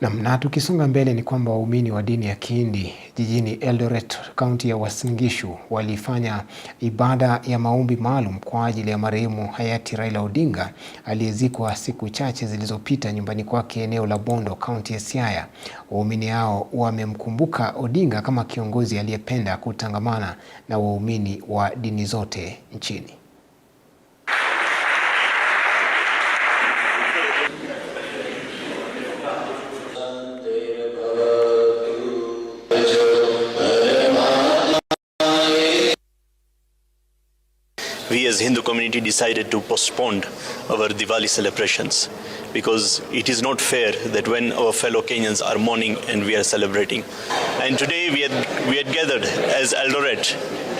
Naam, na tukisonga mbele ni kwamba waumini wa dini ya Kihindi jijini Eldoret, kaunti ya Uasin Gishu walifanya ibada ya maombi maalum kwa ajili ya marehemu hayati Raila Odinga aliyezikwa siku chache zilizopita nyumbani kwake eneo la Bondo, kaunti ya Siaya. Waumini hao wamemkumbuka Odinga kama kiongozi aliyependa kutangamana na waumini wa dini zote nchini. we as Hindu community decided to postpone our Diwali celebrations because it is not fair that when our fellow Kenyans are mourning and we are celebrating. And today we had, we had gathered as Eldoret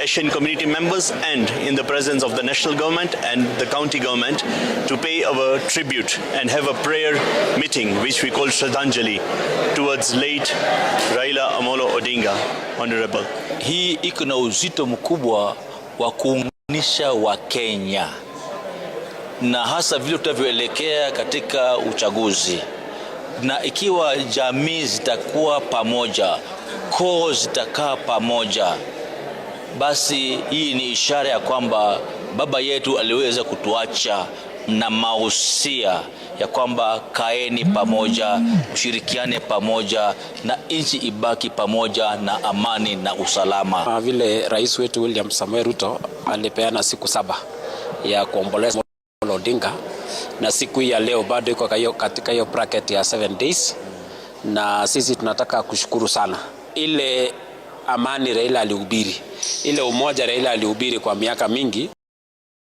Asian community members and in the presence of the national government and the county government to pay our tribute and have a prayer meeting which we call Shradhanjali towards late Raila Amolo Odinga, Honorable. He iko uzito mkubwa wa kuunga kuunganisha wa Kenya na hasa vile tutavyoelekea katika uchaguzi, na ikiwa jamii zitakuwa pamoja, koo zitakaa pamoja, basi hii ni ishara ya kwamba baba yetu aliweza kutuacha na mausia ya kwamba kaeni pamoja, ushirikiane pamoja, na nchi ibaki pamoja na amani na usalama, vile rais wetu William Samoei Ruto alipeana siku saba ya kuomboleza Odinga, na siku hii ya leo bado iko katika hiyo bracket ya 7 days, na sisi tunataka kushukuru sana ile amani Raila alihubiri, ile umoja Raila alihubiri kwa miaka mingi.